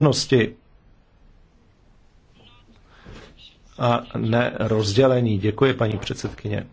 rovnosti a ne rozdělení. Děkuji, paní předsedkyně.